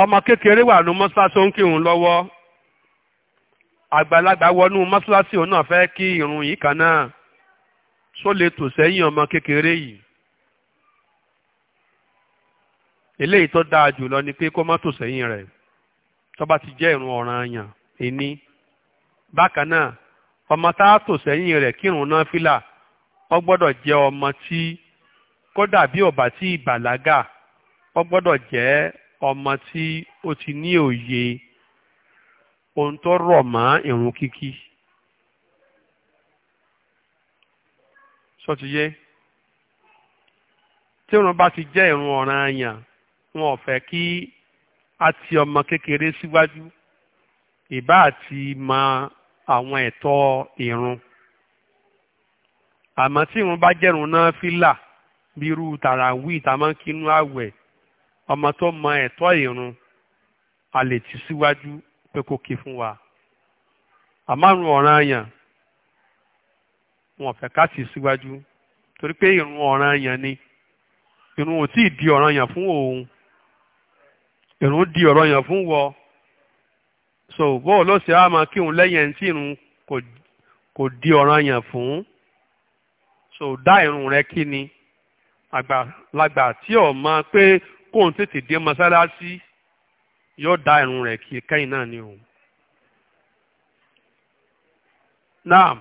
ọmọ kékeré wà ní mọ́ṣáláṣí ó ń kírun lọ́wọ́ àgbàlagbà wọnú mọ́ṣáláṣí òun náà fẹ́ kí irun yìí kan náà só lè tò sẹ́yìn ọmọ kékeré yìí eléyìí tó dáa jùlọ ni pé kó má tò sẹ́yìn rẹ̀ tó bá ti jẹ́ irun ọ̀ranyàn ẹni bákan náà ọmọ tá a tò sẹ́yìn rẹ̀ kírun náà fìlà ó gbọ́dọ̀ jẹ́ ọmọ tí kódà dàbí ó bá ti gbọ́dọ̀ jẹ́ ọmọ tí ó ti ní òye ohun tó rọ̀ mọ́ ìrun kíkí. sọtìyẹ tí ìrun bá ti jẹ́ ìrun ọ̀ranyàn wọn ò fẹ́ kí a ti ọmọ kékeré síwájú ìbá àti mọ àwọn ẹ̀tọ́ ìrun àmọ́ tí ìrun bá jẹ́rùn náà fílà bírú tàràwí ìtàmọ́kínú àwẹ̀ ọmọ tó mọ ẹ̀tọ́ ìrun a lè ti síwájú pé kó kí fún wa àmárùn ọ̀ranyàn wọn fẹ́ ká ti síwájú torí pé ìrun ọ̀ranyàn ni ìrun ò tí ì di ọ̀ranyàn fún òun ìrun di ọ̀ranyàn fún wọ so bóò ló ṣe á máa kírun lẹ́yìn ẹni tí ìrun kò di ọ̀ranyàn fún so dá ìrun rẹ kí ni àgbàlagbà tí ò mọ pé kóun tètè dé mọ́sálásí yóò da irun rẹ̀ kí kẹ́yìn náà ni òun. naam.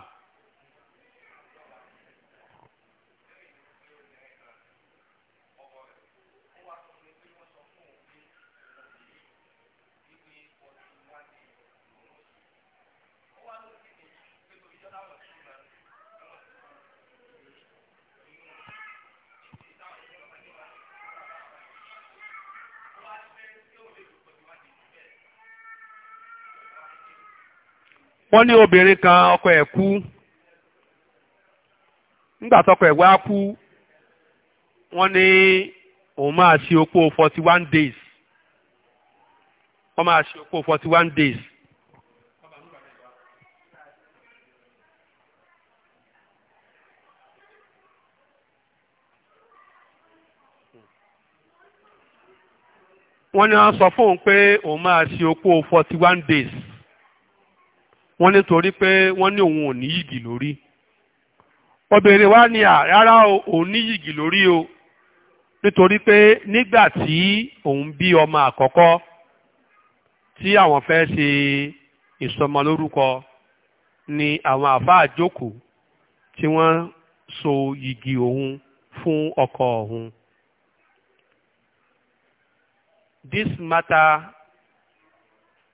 wọ́n ní obìnrin kan ọkọ ẹ̀ kú nígbà tọkọ wọ́n ní òun máa ṣe opó forty one days wọ́n máa ṣe forty one days. wọ́n ní wọ́n sọ fóun pé òun máa days. wọ́n ní torí pé wọ́n ní òun ò ní yìgì lórí obìnrin wa ni rárá òun ní yìgì lórí o nítorí pé nígbà tí òun bí ọmọ àkọ́kọ́ tí àwọn fẹ́ ṣe ìsọmọlórúkọ ni àwọn àfáà jókòó tí wọ́n so yìgì òun fún ọkọ òun. This matter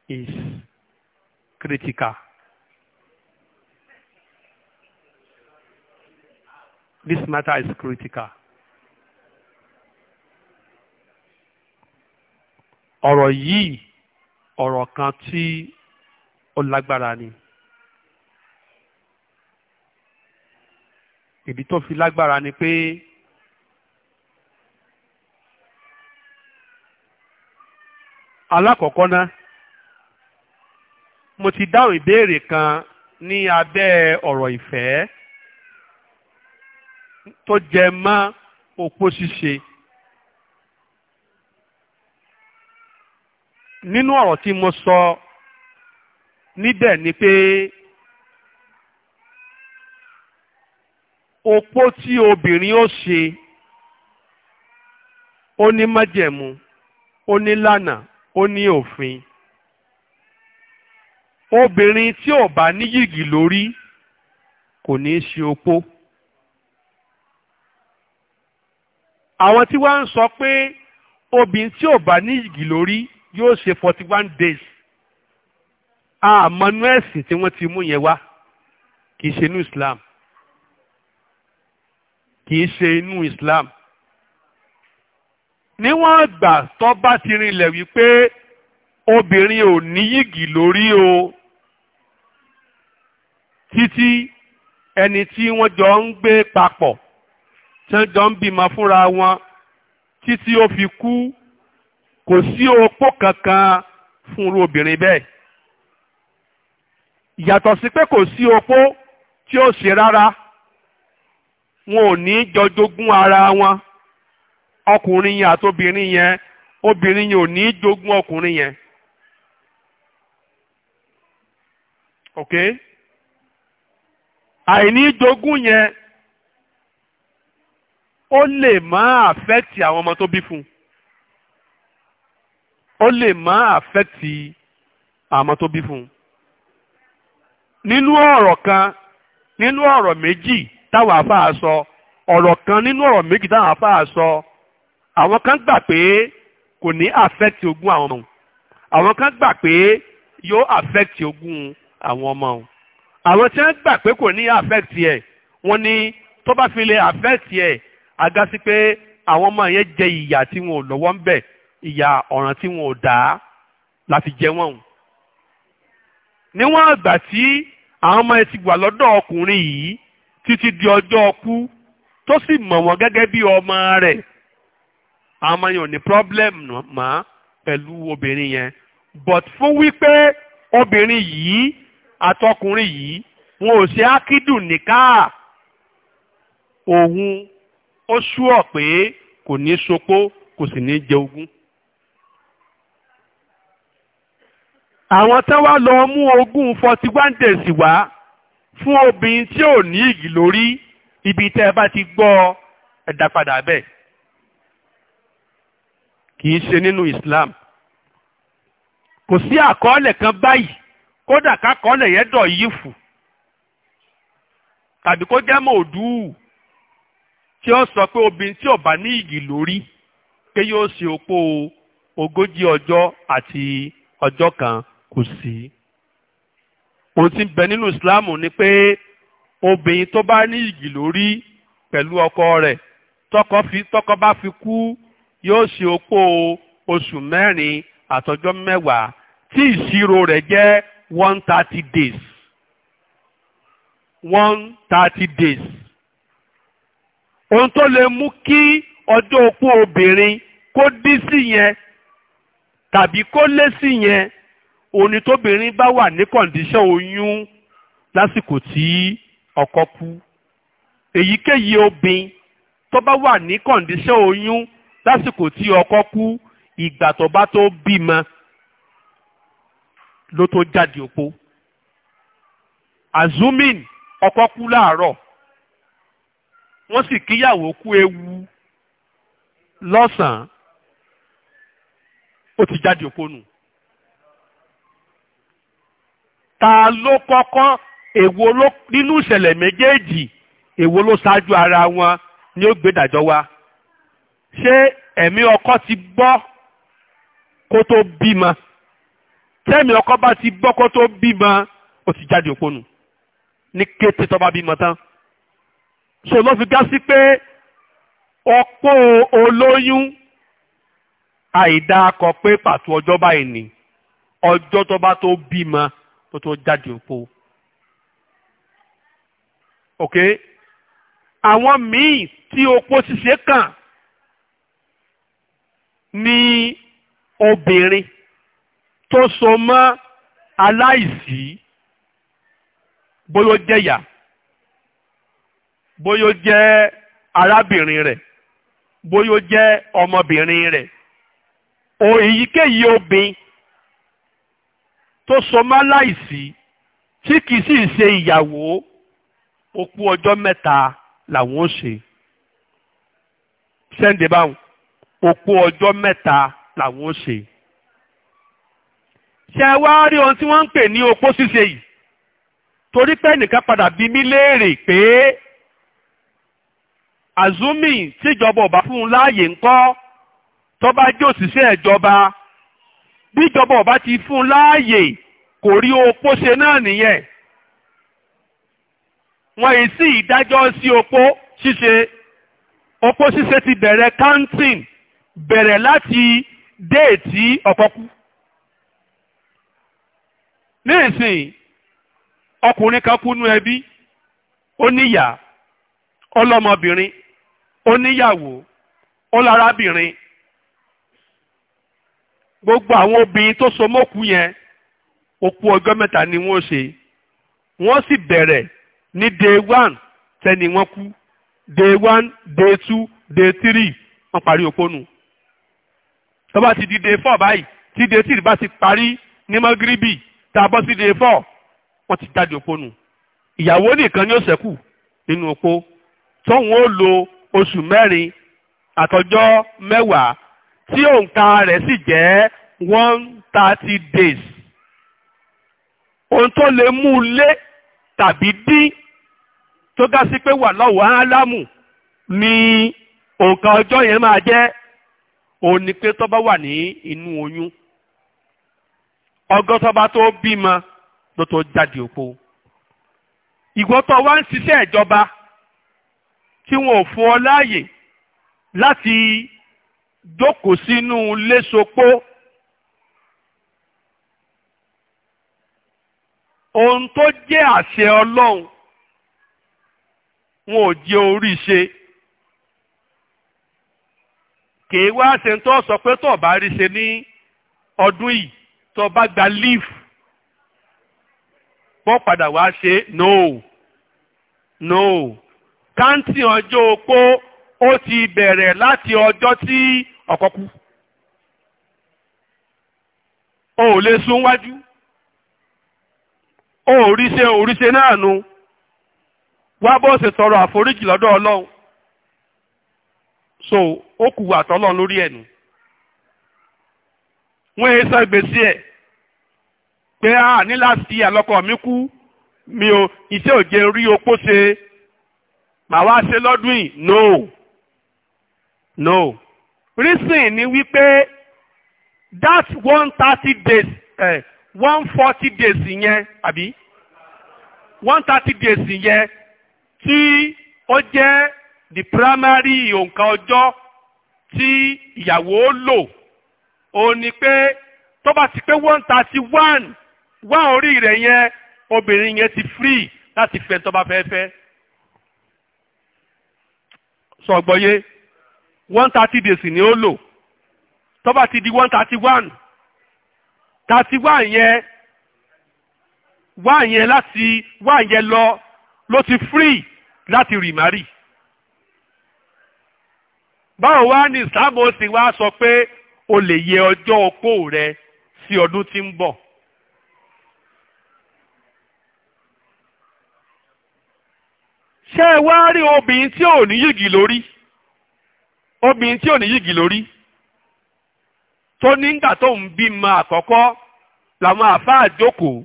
is critical. This matter is critical. Ọ̀rọ̀ yìí ọ̀rọ̀ kan tí ó lágbára ni. Ìdí tó fi lágbára ni pé alákọ̀ọ́kọ́ ná mo ti dáhùn ìbéèrè kan ní abẹ́ ọ̀rọ̀ ìfẹ́ tó jẹ mọ́ opó ṣíṣe. nínú ọ̀rọ̀ tí mo sọ níbẹ̀ ni pé opó tí obìnrin ó ṣe ó ní májẹ̀mú ó ní lànà ó ní òfin obìnrin tí ò bá ní yìgì lórí kò ní ṣe opó. àwọn tí wọ́n ń sọ pé obìnrin tí ò bá ní ìgì lórí yóò ṣe forty one days àmọ́nú ẹ̀sìn tí wọ́n ti mú yẹn wá kì í ṣe inú Islam kì í ṣe inú Islam níwọ̀n àgbà tó bá ti rinlẹ̀ wípé obìnrin ò ní yìgì lórí o títí ẹni tí wọ́n jọ ń gbé papọ̀ tán jọ ń bímọ fúnra wọn títí ó fi kú kò sí opó kankan fún irú obìnrin bẹ́ẹ̀ yàtọ̀ sí pé kò sí opó tí ó ṣe rárá wọn ò ní jọ jogún ara wọn ọkùnrin yẹn àti yẹn obìnrin yẹn ò ní jogún ọkùnrin yẹn ok àìní jogún yẹn ó lè má àfẹ́tì àwọn ọmọ tó bí fún ó lè má àfẹ́tì àwọn ọmọ tó bí fún nínú ọ̀rọ̀ kan nínú ọ̀rọ̀ méjì táwọn àfáà sọ ọ̀rọ̀ kan nínú ọ̀rọ̀ méjì táwọn àfáà sọ àwọn kan gbà pé kò ní àfẹ́tì ogún àwọn ọmọ àwọn kan gbà pé yóò àfẹ́tì ogún àwọn ọmọ o àwọn tí wọ́n gbà pé kò ní àfẹ́tì ẹ̀ wọ́n ní tó bá fi lè àfẹ́tì ẹ̀ Agasi pe pé àwọn ọmọ yẹn jẹ ìyà tí wọn ò lọ́wọ́ ń bẹ̀ ìyà ọ̀ràn tí wọn ò dá la fi jẹ wọn níwọ̀n àgbà tí àwọn ọmọ yẹn ti wà lọ́dọ̀ ọkùnrin yìí títí di ọjọ́ ọkú tó sì mọ̀ wọ́n gẹ́gẹ́ bí ọmọ rẹ̀ àwọn ọmọ yẹn ò ní problem mọ́ pẹ̀lú obìnrin yẹn but fún wípé obìnrin yìí àtọkùnrin yìí wọn ò ṣe ákídùn níkà òun ó ṣúọ̀ pé kò ní sopó kò sì ní jẹ ogún. àwọn tán wá lọ mú ogún forty one days wá fún obìnrin tí ò ní iyì lórí ibi tẹ́ ẹ bá ti gbọ́ ẹ̀dá padà bẹ́ẹ̀ kì í ṣe nínú Islam kò sí àkọọ́lẹ̀ kan báyìí kódà kákọọ́lẹ̀ yẹn dọ̀ yìí fù tàbí kó jẹ́ mòdùú tí ó sọ pé obìnrin tí ò bá ní ìgì lórí pé yóò ṣe opó ogójì ọjọ́ àti ọjọ́ kan kò sí. ohun tí ń bẹ nínú ìsìláàmù ni pé obìnrin tó bá ní ìgì lórí pẹ̀lú ọkọ rẹ̀ tọkọ fi tọkọ bá fi kú yóò ṣe opó oṣù mẹ́rin àtọjọ́ mẹ́wàá tí ìṣirò rẹ̀ jẹ́ one thirty days one thirty days ohun tó lè mú kí ọjọ́ opó obìnrin kó dí sí yẹn tàbí kó lé sí yẹn òní tóbìnrin bá wà ní kọ̀ǹdíṣàn oyún lásìkò tí ọkọ kú èyíkéyìí obìn tó bá wà ní kọ̀ǹdíṣàn oyún lásìkò tí ọkọ kú ìgbà tó bá tó bímọ ló tó jáde òpó azumin ọkọ kú láàárọ̀ wọ́n sì kíyàwó kú ewu lọ́sàn-án ó ti jáde òpónù. ta ló kọ́kọ́ èwo ló nínú ìṣẹ̀lẹ̀ méjèèjì èwo ló ṣáájú ara wọn ni ó gbédàjọ́ wá ṣé ẹ̀mí ọkọ ti gbọ́ kó tó bímọ tẹ́mi ọkọ bá ti gbọ́ kó tó bímọ ó ti jáde òpónù ní kété tó bá bímọ tán so ló fi gá sí pé ọ̀pọ̀ olóyún àìdá akọ pé pàtó ọjọ́ báyìí ni ọjọ́ tó bá tó bímọ tó tó jáde òpó ok àwọn míì tí opó ṣiṣẹ́ kàn ní obìnrin tó so mọ́ aláìsí bóyá ó bóyá ó jẹ́ arábìnrin rẹ̀ bóyá ó jẹ́ ọmọbìnrin rẹ̀ o èyíkéyìí obìn tó so má láìsí tí kì í sì ṣe ìyàwó òkú ọjọ́ mẹ́ta làwọn ó ṣe sẹ́ǹdẹ̀ báwọn òkú ọjọ́ mẹ́ta làwọn ó ṣe ṣe wá rí ohun tí wọ́n ń pè ní opó ṣíṣe yìí torí pé ẹnìkan padà bí mí léèrè pé Azumi tíjọba ọba fún un láàyè ńkọ́ tó bá jẹ́ òṣìṣẹ́ ìjọba bíjọba ọba ti fún un láàyè kò rí opó ṣe náà nìyẹn wọ́n yìí sí ìdájọ́ sí opó ṣíṣe opó ṣíṣe ti bẹ̀rẹ̀ counting bẹ̀rẹ̀ láti déètì ọkọ nísìnyí ọkùnrin kan kú nú ẹbí ó níyà ọlọ́mọbìnrin ó níyàwó ó lárábìnrin gbogbo àwọn obìnrin tó so mọ́kù yẹn òkú ọjọ́ mẹ́ta ni wọ́n ṣe wọ́n sì bẹ̀rẹ̀ ní day one tẹ́ni wọ́n kú day one day two day three wọ́n parí okó nù tó bá ti di day four báyìí tí day three bá ti parí ní magribi tá a bọ́ sí day four wọ́n ti jáde okó nù ìyàwó nìkan ni ó ṣẹ́kù nínú okó tóun ó lo oṣù mẹ́rin àtọjọ́ mẹ́wàá tí òǹkà rẹ̀ sì jẹ́ one thirty days. ohun tó lè mú un lé tàbí dín tó ga sí pé wà lọ́wọ́ álámù ni òǹkà ọjọ́ yẹn máa jẹ́ òun ni pé tó bá wà ní inú oyún ọgọ́ tó bá tó bímọ ló tó jáde òpó ìwọ́tọ̀ wá ń ṣiṣẹ́ ìjọba tí wọn ò fún ọ láàyè láti jókòó sínú lésopó ohun tó jẹ́ àṣẹ ọlọ́run wọn ò jẹ́ orí ṣe kèé wá ṣe ń tọ́ sọ pé tó bá rí ṣe ní ọdún yìí tó bá gba leave bọ́ padà wá ṣe no no. àkáǹtì ọjọ́ opó ó ti bẹ̀rẹ̀ láti ọjọ́ tí ọkọ kú o ò lè sún wájú o ò ríṣe òríṣe náà nu wá bó ṣe tọrọ àforíjì lọ́dọ̀ ọlọ́run so ó kù atọlọ lórí ẹ̀ nwee wọ́n yẹ sọ gbèsè ẹ̀ pé a ní láti àlọ́kọ̀ mi kú mi ò iṣẹ́ òjè rí opó ṣe màá wá ṣe lọ́dún yìí no no reason ni wípé that one thirty days eh, one forty days yẹn àbí one thirty days yẹn tí ó jẹ́ the primary òǹkà ọjọ́ tí ìyàwó lò ó ní pé tó bá ti pé one thirty one One orí rẹ̀ yẹn obìnrin yẹn ti free láti fẹ́ tó bá fẹ́ fẹ́ sọ̀gbọ́yé one thirty days ni ó lò tó ti di one thirty one thirty one yẹn wá yẹn láti wá yẹn lọ ló ti free láti remarry. báwo wá ní ìsìlámù ó sì wá sọ pé o lè yẹ ọjọ́ opó rẹ sí ọdún tí ń bọ̀ ṣé ẹ wá rí obìnrin tí ò ní yìgì lórí obìnrin tí ò ní yìgì lórí tó nígbà tó ń bímọ àkọ́kọ́ làwọn àáfàá jókòó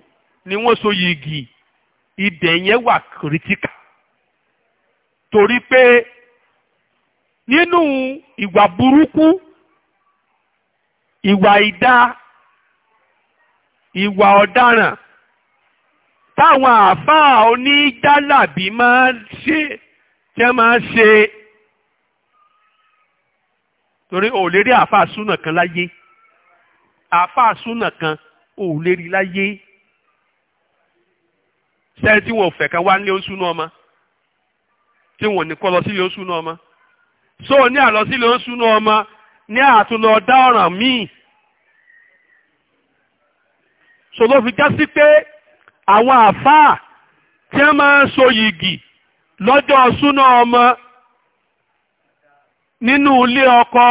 ni wọ́n so yìgì ibẹ̀ yẹn wà kìrìtìkà torí pé nínú ìwà burúkú ìwà ìdá ìwà ọ̀daràn táwọn àáfàá oníjálàbí máa ń ṣe tẹ́ máa ń ṣe torí ò lè rí àáfàá súnà kan láyé àáfàá súnà kan ò lè láyé sẹ́yìn tí wọn ò fẹ́ wá nílé oṣù náà ọmọ tí wọn ní kọ́ lọ sílé oṣù náà ọmọ so ní àlọ sílé oṣù náà ọmọ ní àtúnlọ ọ̀dá ọ̀ràn míì so ló fi já sí pé. àwọn àfáà tí wọ́n máa ń so yìgì lọ́jọ́ súná ọmọ nínú ilé ọkọ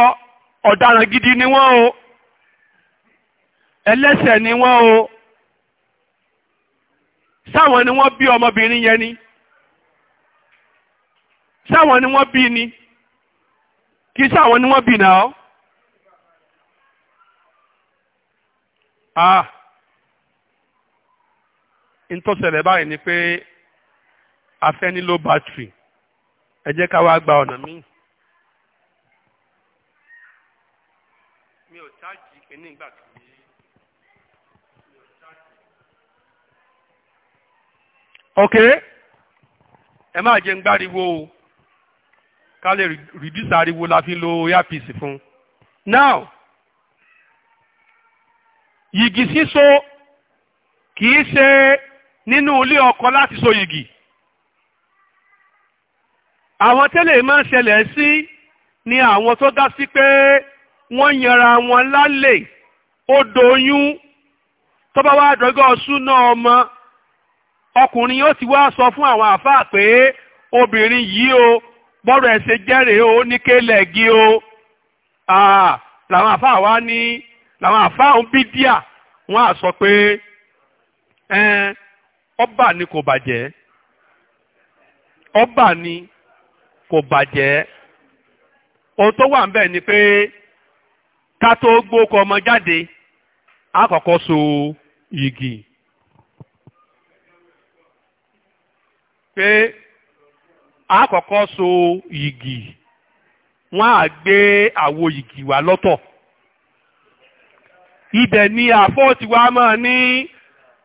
ọ̀daràn gidi ni wọ́n o ẹlẹ́ṣẹ̀ ni wọ́n o sáwọn ni wọ́n bí ọmọbìnrin yẹn ni sáwọn ni wọ́n bí ni kì í sáwọn ni wọ́n bí náà. Ah. ntọ́sẹ̀lẹ̀ báyìí ni pé a fẹ́ ní low battery ẹ jẹ́ ká wá gba ọ̀nà míì. mi ò ṣáàjì pé nígbà tí mi ò ṣáàjì. ok ẹ máa jẹ́ ń o ká lè reduce ariwo la fi lo earpiece fún. now yìgì síso kì í ṣe nínú ilé ọkọ láti so yìgì àwọn tẹ́lẹ̀ máa ń ṣẹlẹ̀ sí ni àwọn tó dá sí pé wọ́n yanra wọn lálẹ́ ó doyún tó bá wá dọ́gọ́ súná ọmọ ọkùnrin yóò ti wá sọ fún àwọn àáfàá pé obìnrin yìí o bọ́rọ̀ ẹ̀ jẹ́rìí o ní o làwọn àáfàá wa ní làwọn àáfàá ń bí díà wọ́n á sọ pé ọba ni kò bàjẹ́ ọba ni kò bàjẹ́ ohun tó wà ń bẹ̀ ni pé ká tó gbókọ ọmọ jáde á kọ́kọ́ so igi pé á kọ́kọ́ so igi wọ́n á gbé àwo igi wá lọ́tọ̀ ibẹ̀ ni àfọ́ tiwa máa ní.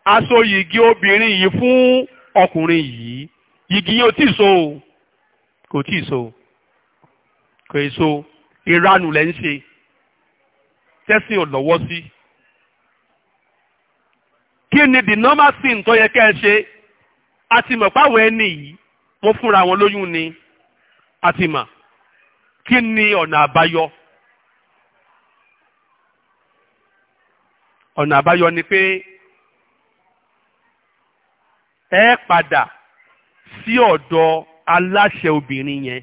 aṣọ yìgì obìnrin yìí fún ọkùnrin yìí yìgì yìí ò tí ì so o kò tí ì so kò ì so ìranù lẹ́ ń ṣe tẹ́sìn ò lọ́wọ́ sí. kí ni the normal thing tó yẹ kẹ́ ẹ ṣe a ti mọ̀ páwọn ẹni yìí wọ́n fúnra wọn lóyún ni a ti mọ̀ kí ni ọ̀nà àbáyọ. ọ̀nà àbáyọ ni pé ẹ padà sí ọ̀dọ̀ aláṣẹ obìnrin yẹn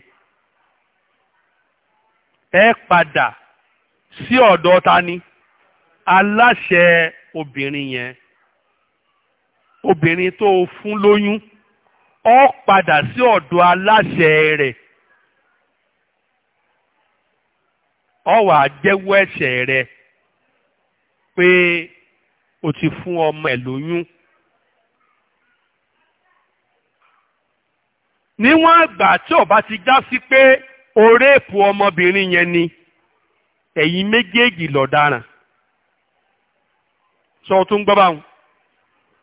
ẹ padà sí ọ̀dọ̀ tani ni aláṣẹ obìnrin yẹn obìnrin tó o fún lóyún ọ padà sí ọ̀dọ̀ aláṣẹ rẹ̀ ọ wàá jẹ́wọ́ ẹ̀ṣẹ̀ rẹ̀ pé o ti fún ọmọ ẹ̀ lóyún. níwọ̀n àgbà tí ó bá ti já sí pé orépù ọmọbìnrin yẹn ni ẹ̀yin méjèèjì lọ̀daràn sọ tó ń gbọ́ báwọn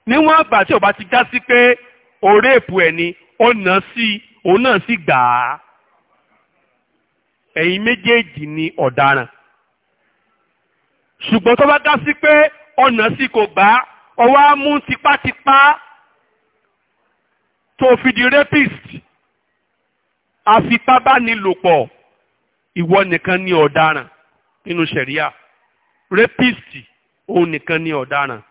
níwọ̀n àgbà tí ó ti já sí pé orépù ẹ̀ ni ó nà sí òun náà sì gbà á ẹ̀yin méjèèjì ni ọ̀daràn ṣùgbọ́n tó bá dá sí pé ọ̀nà sí kò gbà ọwọ́ á mú tipátipá tó fi di rapist afipábánilòpọ̀ ìwọ nìkan ni ọ̀daràn nínú ṣẹ̀ríà rẹ́pìstì òun nìkan ni ọ̀daràn.